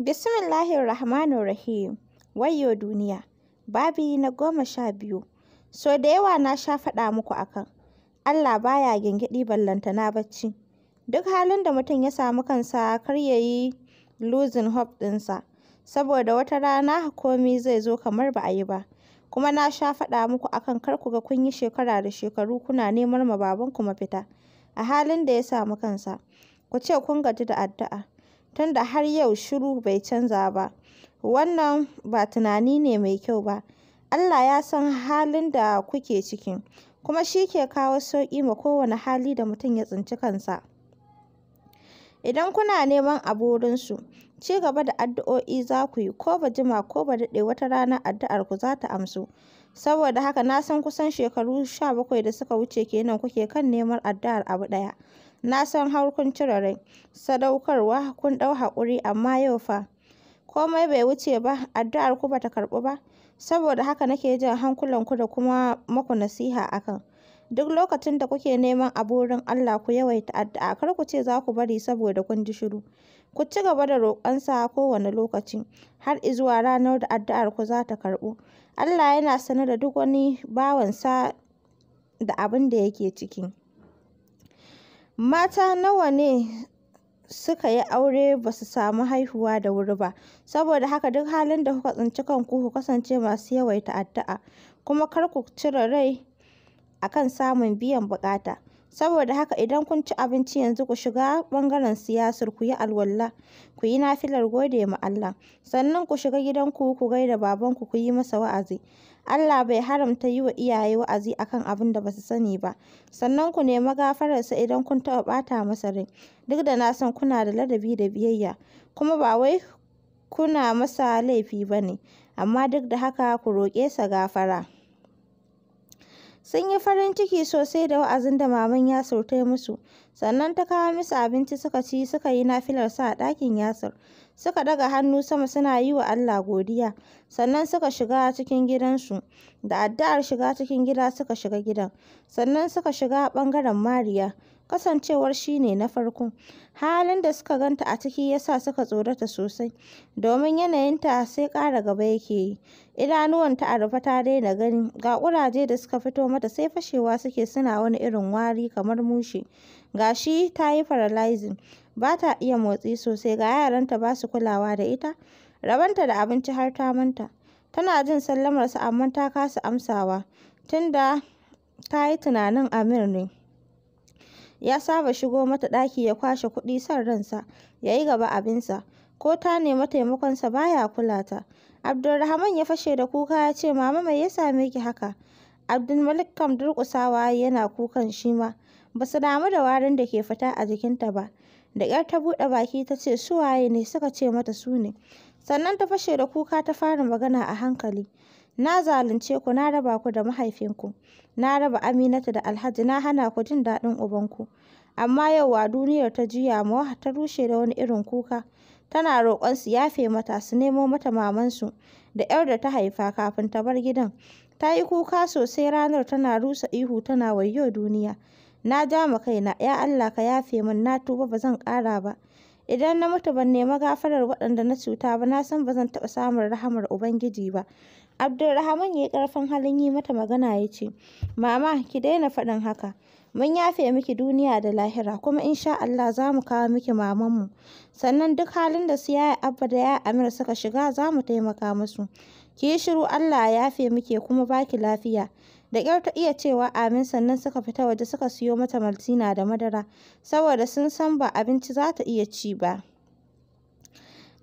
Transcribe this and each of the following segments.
Bismillahirrahmanirrahim. wayo Wayyo duniya. Babi na goma sha biyu. So da yawa na sha faɗa muku akan. Allah baya gingiɗi ballantana bacci. Duk halin da mutum ya samu kansa kar ya yi losing hope ɗinsa. Saboda wata rana komi zai zo kamar ba a yi ba. Kuma na sha faɗa muku akan kar ku ga kun yi shekara da shekaru kuna neman ma babanku mafita. A halin da ya samu kansa. Ku ce kun gaji da addu'a. tunda har yau shiru bai canza ba. Wannan ba tunani ne mai kyau ba. Allah ya san halin da kuke ciki, kuma shi ke kawo sauƙi ma kowane hali da mutum ya tsinci kansa. Idan kuna neman aburinsu, wurinsu, ci gaba da addu'o'i za ku yi, ko ba jima ko ba daɗe wata rana addu'arku za ta amsu. Saboda haka na san kusan shekaru sha bakwai da suka wuce kenan kuke kan neman addu'ar abu ɗaya. Na san har kun cire rai, sadaukarwa, kun ɗau haƙuri, amma yau fa, komai bai wuce ba, addu'ar ku bata karɓu ba, saboda haka nake jan hankulanku da kuma maku nasiha akan. Duk lokacin da kuke neman aburin Allah ku yawaita addu'a, kar ku ce za ku bari saboda kun ji shiru. Ku ci gaba da roƙonsa a kowane lokaci, har izuwa ranar da addu'arku za ta karɓu. Allah yana sane da duk wani bawansa da abin da yake ciki. Mata nawa ne suka yi aure ba su samu haihuwa da wuri ba, saboda haka duk halin da kuka tsinci kanku ku kasance masu yawaita addu'a, kuma kar ku cire rai akan samun biyan bukata Saboda haka idan kun ci abinci yanzu ku shiga ɓangaren siyasar ku yi alwala, ku yi nafilar gode ma Allah, sannan ku shiga gidanku ku ku gaida babanku ku yi masa wa'azi. Allah bai haramta yi wa iyaye wa'azi akan abin da ba su sani ba, sannan ku nemi gafararsa idan kun taɓa ɓata masa rai, duk da na san kuna da ladabi da biyayya, kuma ba wai kuna masa laifi ba ne, amma duk da haka ku roƙe sa gafara. Sun yi farin ciki sosai da wa'azin da maman Yasir ta yi musu, sannan ta kawo musu abinci suka ci suka yi nafilar sa a ɗakin Yasir. suka ɗaga hannu sama suna yi wa Allah godiya, sannan suka shiga cikin gidansu, da addu'ar shiga cikin gida suka shiga gidan, sannan suka shiga ɓangaren Mariya, kasancewar shi ne na farko. Halin da suka ganta a ciki ya sa suka tsorata sosai, domin yanayinta sai ƙara gaba yake yi, idanuwanta a rufe ta daina gani, ga ƙuraje da suka fito mata sai fashewa suke suna wani irin wari kamar mushe, ga shi ta yi paralyzing. ba ta iya motsi sosai ga yaranta ba su kulawa da ita rabanta da abinci har ta manta tana jin sallamar sallamarsa amma ta kasa amsawa tunda ta yi tunanin Amir ne ya saba shigo mata ɗaki ya kwashe kuɗi son ransa ya yi gaba abinsa ko ta nemi taimakonsa baya kula ta Abdulrahman ya fashe da kuka ya ce mama mai ya same ki haka Abdulmalik kam durƙusawa yana kukan shi ma ba su damu da warin da ke fita a jikinta ba da ƙyar ta buɗe baki ta ce su waye ne suka ce mata su ne sannan ta fashe da kuka ta fara magana a hankali na zalunce ku na raba ku da mahaifinku na raba aminatu da alhaji na hana ku jin daɗin ubanku amma yau wa duniyar ta juya ma ta rushe da wani irin kuka tana roƙon su yafe mata su nemo mata mamansu da 'yar da ta haifa kafin ta bar gidan ta yi kuka sosai ranar tana rusa ihu tana wayyo duniya Na ja ma kaina, ya Allah ka yafe min, na tuba ba zan ƙara ba. Idan na mutu ban nemi gafarar waɗanda na cuta ba, na san ba zan taɓa samun rahamar Ubangiji ba. Abdulrahman ya yi ƙarfin halin yi mata magana ya ce, Mama, ki daina faɗin haka. Mun yafe miki duniya da lahira, kuma insha Allah za mu kawo miki maman mu. Sannan duk halin da su yaya Abba da yaya Amir suka shiga za mu taimaka musu. Ki yi shiru Allah ya yafe miki kuma baki lafiya. Da ƙyar ta iya cewa amin sannan suka fita waje suka siyo mata maltina da madara, saboda sun san ba abinci za ta iya ci ba.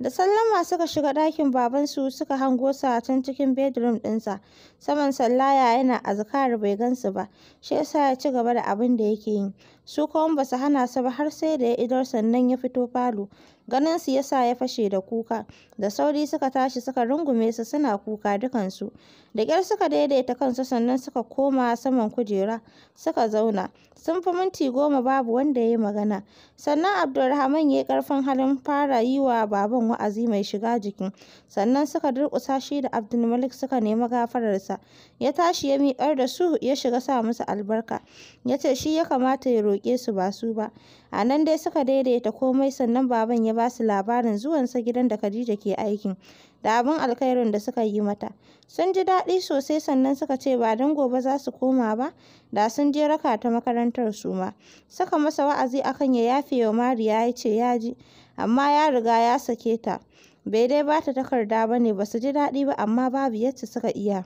Da sallama suka shiga ɗakin babansu suka hango sa cikin cikin bedroom ɗinsa. Saman sallaya yana azkar bai gansu ba, shi yasa ya ci gaba da abin da yake yi. su kuma ba su hana su ba har sai da ya idar sannan ya fito falo ganin su yasa ya fashe da kuka da sauri suka tashi suka rungume su suna kuka dukansu da ƙyar suka daidaita kansu sannan suka koma saman kujera suka zauna sun fi minti goma babu wanda ya yi magana sannan abdulrahman ya yi karfin halin fara yi wa baban wa'azi mai shiga jiki sannan suka durƙusa shi da abdulmalik suka nema gafararsa ya tashi ya miƙar da su ya shiga sa musu albarka ya ce shi ya kamata ya roƙi roƙe su ba su ba a nan dai suka daidaita komai sannan baban ya ba su labarin sa gidan da Khadija ke aikin da abin alkhairin da suka yi mata sun ji daɗi sosai sannan suka ce ba don gobe za su koma ba da sun je raka ta makarantar su ma suka masa wa'azi akan ya yafe wa Mariya ya ce ya ji amma ya riga ya sake ta bai dai ba ta takarda ba ne ba su ji daɗi ba amma babu yadda suka iya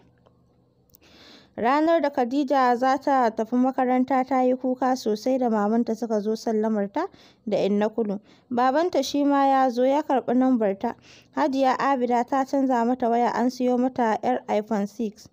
Ranar da Khadija za ta tafi makaranta ta yi kuka sosai da mamanta suka zo sallamarta da in na Kulu. Babanta shi ma ya zo ya karɓi nambarta. Hajiya Abida ta canza mata waya an siyo mata 'yar iPhone 6.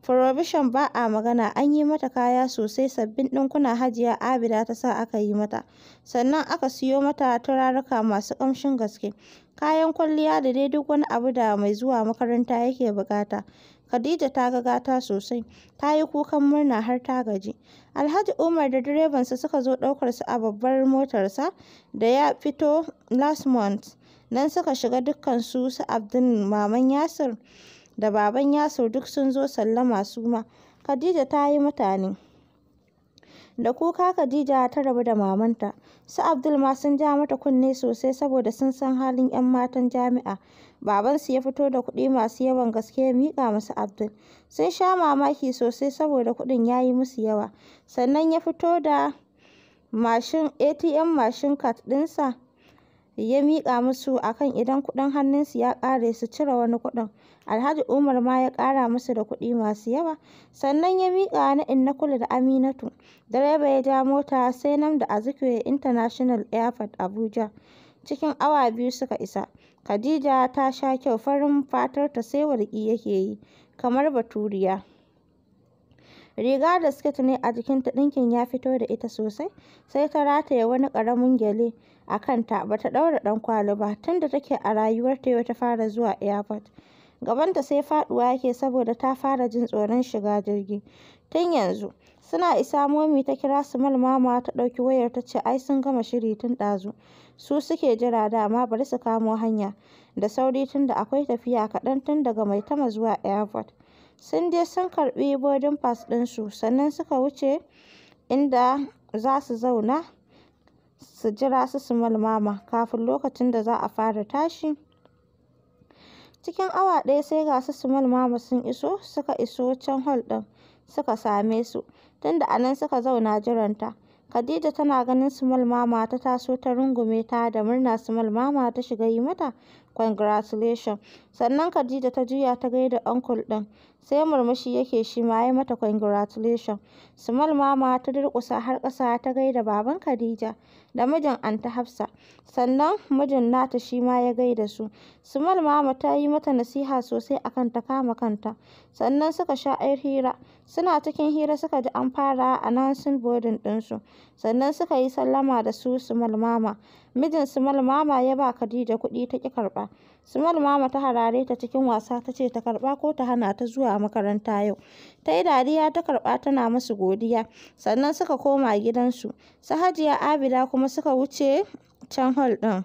Provision ba a magana an yi mata kaya sosai sabbin ɗinkuna Hajiya Abida ta sa aka yi mata. Sannan aka siyo mata turaruka masu ƙamshin gaske. Kayan kwalliya da dai duk wani abu da mai zuwa makaranta yake buƙata. Khadija ta ga gata sosai, ta yi kukan murna har ta gaji. Alhaji Umar da direbansa suka zo ɗaukar su a babbar motarsa da ya fito last month. Nan suka shiga dukkan su su Abdul Maman Yasir da Baban Yasir duk sun zo sallama su ma. Khadija ta yi mutane. Da kuka Khadija ta rabu da mamanta. Su Abdul ma sun ja mata kunne sosai saboda sun san halin 'yan matan jami'a. Babansu ya fito da kuɗi masu yawan gaske ya miƙa musu Abdul. Sun sha mamaki sosai saboda kuɗin ya yi musu yawa. Sannan ya fito da mashin ATM mashin card ɗinsa ya miƙa musu akan idan kuɗin hannunsu ya ƙare su cire wani kuɗin. Alhaji Umar ma ya ƙara musu da kuɗi masu yawa. Sannan ya miƙa na Inna Kulu da Aminatu. Direba ya ja mota sai nan da Azikiwe International Airport Abuja. Cikin awa biyu suka isa. Khadija ta sha kyau farin fatarta sai walƙi yake yi, kamar baturiya. Riga da siket ne a jikinta ɗinkin ya fito da ita sosai, sai ta rataye wani ƙaramin gyale a kanta ba ta ɗaura ɗankwali ba, tunda take a rayuwarta yau ta fara zuwa airport. Gabanta sai faɗuwa yake saboda ta fara jin tsoron shiga jirgi. Tun yanzu, suna isa Momi ta kira su Mama ta ɗauki wayar ta ce ai sun gama shiri tun ɗazu, su suke jira dama bari su kamo hanya. da sauri tunda akwai tafiya kaɗan tun daga Maitama zuwa airport. Sun je sun karɓi boarding pass ɗinsu sannan suka wuce inda za su zauna su jira su su malmama kafin lokacin da za a fara tashi. Cikin awa ɗaya sai ga su su malmama sun iso suka iso can hall ɗin suka same su tunda a nan suka zauna jiranta. Khadija tana ganin su malmama ta taso ta rungume ta da murna su malmama ta shiga yi mata congratulations. Sannan Khadija ta juya ta gaida uncle ɗin. Sai murmushi yake shi ma ya mata congratulations. Sumal mama ta durƙusa har ƙasa ta gaida baban Khadija da mijin Anta Hafsa. Sannan mijin nata shi ma ya gaida su. Sumal mama ta yi mata nasiha sosai akan ta kama kanta. Sannan suka sha yar hira. Suna cikin hira suka ji an fara a Nansin bodin ɗinsu. Sannan suka yi sallama da su Sumal mama. Mijin Sumal mama ya ba Khadija kuɗi ta ƙi karɓa. Sumal Mama ta harare ta cikin wasa ta ce ta karɓa ko ta hana ta zuwa makaranta yau. Ta yi dariya ta karɓa tana masu godiya. Sannan suka koma gidansu. Su Hajiya Abida kuma suka wuce can hall ɗin.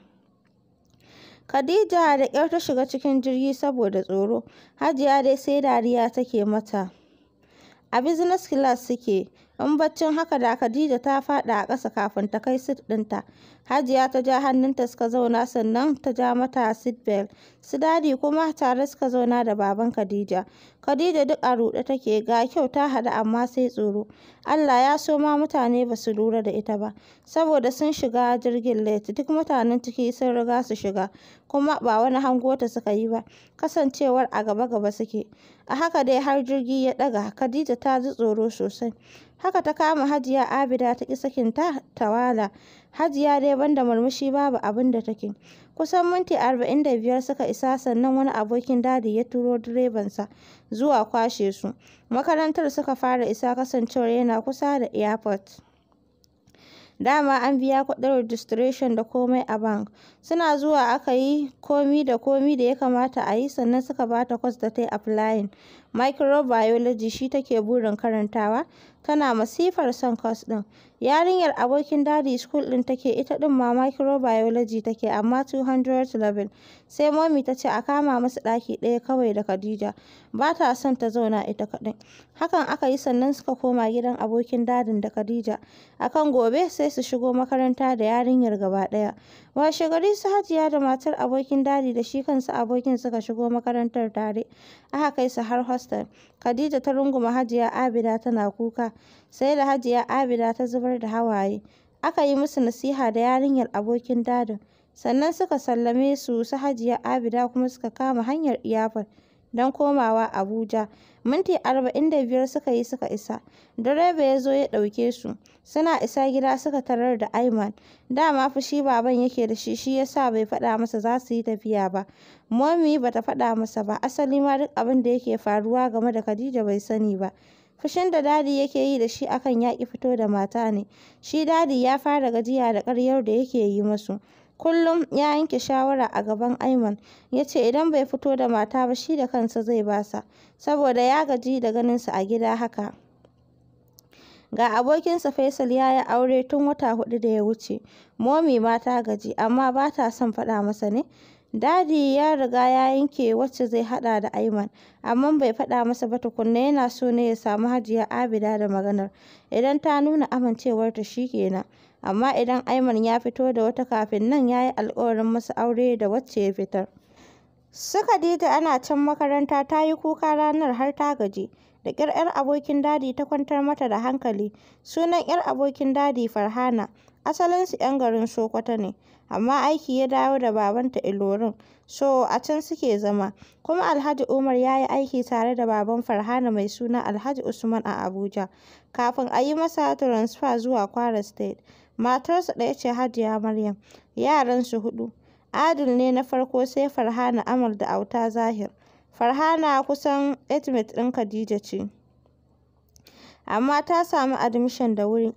Khadija da ƙyar ta shiga cikin jirgi saboda tsoro. Hajiya dai sai dariya take mata. A business class suke. in baccin haka da Khadija ta faɗa a ƙasa kafin ta kai sit ɗinta. Hajiya ta ja hannunta suka zauna sannan ta ja mata sit belt. Su dadi kuma tare suka zauna da baban Khadija. Khadija duk a ruɗe take ga kyau ta haɗu amma sai tsoro. Allah ya so ma mutane ba su lura da ita ba. Saboda sun shiga jirgin late duk mutanen ciki sun riga su shiga. Kuma ba wani hango ta suka yi ba. Kasancewar a gaba-gaba suke. A haka dai har jirgi ya ɗaga Khadija ta ji tsoro sosai. Haka ta kama Hajiya Abida ta ƙi sakinta ta tawala. Hajiya dai banda murmushi babu abin da take. Kusan minti arba'in da biyar suka isa sannan wani abokin dadi ya turo direbansa zuwa kwashe su. Makarantar suka fara isa kasancewar yana kusa da airport. dama an biya kuɗin registration da komai a bank suna zuwa aka yi komi da komi da ya kamata a yi sannan suka bata kwas da ta yi applying microbiology shi take burin karantawa kana masifar son kwas ɗin. Yarinyar abokin Dadi school ɗin take ita ɗin ma microbiology take amma 200 level, sai Mommy ta ce a kama masu ɗaki ɗaya kawai da Khadija, ba ta son ta zauna ita kaɗai. Hakan aka yi sannan suka koma gidan abokin Dadin da Khadija, a kan gobe sai su shigo makaranta da yarinyar gaba ɗaya. gari su Hajiya da matar abokin Dadi da shi kansa abokin suka shigo makarantar tare, aka kai su har hostel. Khadija ta runguma Hajiya Abida tana kuka. sai da Hajiya Abida ta zubar da hawaye. Aka yi musu nasiha da yarinyar abokin dadin. Sannan suka sallame su su Hajiya Abida kuma suka kama hanyar iyafar don komawa Abuja. Minti arba'in da biyar suka yi suka isa. Direba ya zo ya ɗauke su. Suna isa gida suka tarar da Aiman. Dama shi baban yake da shi shi yasa bai faɗa masa za su yi tafiya ba. Momi bata faɗa masa ba. Asali ma duk abin da yake faruwa game da Khadija bai sani ba. Fushin da Dadi yake yi da shi akan ya ƙi fito da mata ne. Shi Dadi ya fara gajiya da ƙaryar da yake yi masu. Kullum ya yanke shawara a gaban Aiman, ya ce idan bai fito da mata ba shi da kansa zai basa, saboda ya gaji da ganinsa a gida haka. Ga abokinsa Faisal ya yi aure tun wata hudu da ya wuce, Momi ma ta gaji, amma ba ta son faɗa masa ne. Dadi ya riga ya yanke wacce zai haɗa da Ayman, amma bai faɗa masa ba tukunna yana so ne ya samu Hajiya Abida da maganar, idan ta nuna amincewarta shi kenan, amma idan Ayman ya fito da wata kafin nan ya yi alƙawarin masa aure da wacce ya fitar. Su Khadija ana can makaranta ta yi kuka ranar har ta gaji. Da ƙyar 'yar abokin Dadi ta kwantar mata da hankali. Sunan 'yar abokin Dadi Farhana. Asalinsu 'yan garin Sokoto ne, amma aiki ya dawo da babanta Ilorin, so a can suke zama. Kuma Alhaji Umar ya yi aiki tare da baban Farhana mai suna Alhaji Usman a Abuja, kafin a yi masa transfer zuwa Kwara State. Matarsa ɗaya ce Hajiya Maryam, yaransu hudu Adil ne na farko sai Farhana Amal da Auta Zahir. Farhana kusan edmet ɗin Khadija ce, amma ta samu admission da wuri,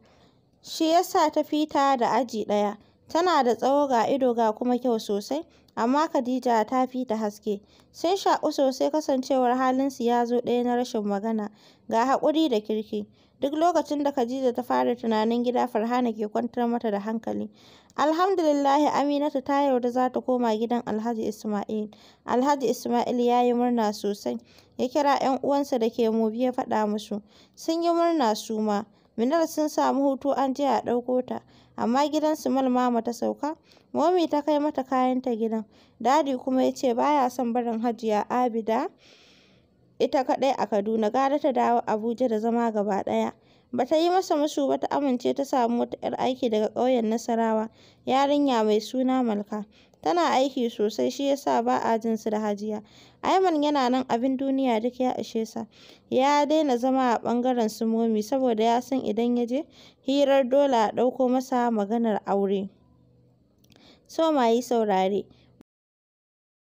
shi ya sa ta fita da aji ɗaya, tana da tsawo ga ido ga kuma kyau sosai, amma Khadija ta fi ta haske, sun shaƙu sosai kasancewar halinsu ya zo ɗaya na rashin magana, ga haƙuri da kirki. Duk lokacin da Khadija ta fara tunanin gida Farhana ke kwantar mata da hankali. Alhamdulillahi Aminatu ta yarda za ta koma gidan Alhaji Ismail. Alhaji Ismail ya yi murna sosai. Ya kira 'yan uwansa da ke Mobi ya faɗa musu. Sun yi murna su ma. Minar sun samu hutu an je a ɗauko ta. Amma gidan su Mama ta sauka. Momi ta kai mata kayanta gidan. Dadi kuma ya ce baya son barin Hajiya Abida. ita kaɗai a Kaduna gara ta dawo Abuja da zama gaba ɗaya. Ba ta yi masa musu ba ta amince ta samu wata 'yar aiki daga ƙauyen Nasarawa, yarinya mai suna Malka. Tana aiki sosai shi yasa ba a jin su da Hajiya. Aiman yana nan abin duniya duk ya ishe sa. Ya daina zama a ɓangaren su Momi saboda ya san idan ya je hirar dole a ɗauko masa maganar aure. So ma yi saurare.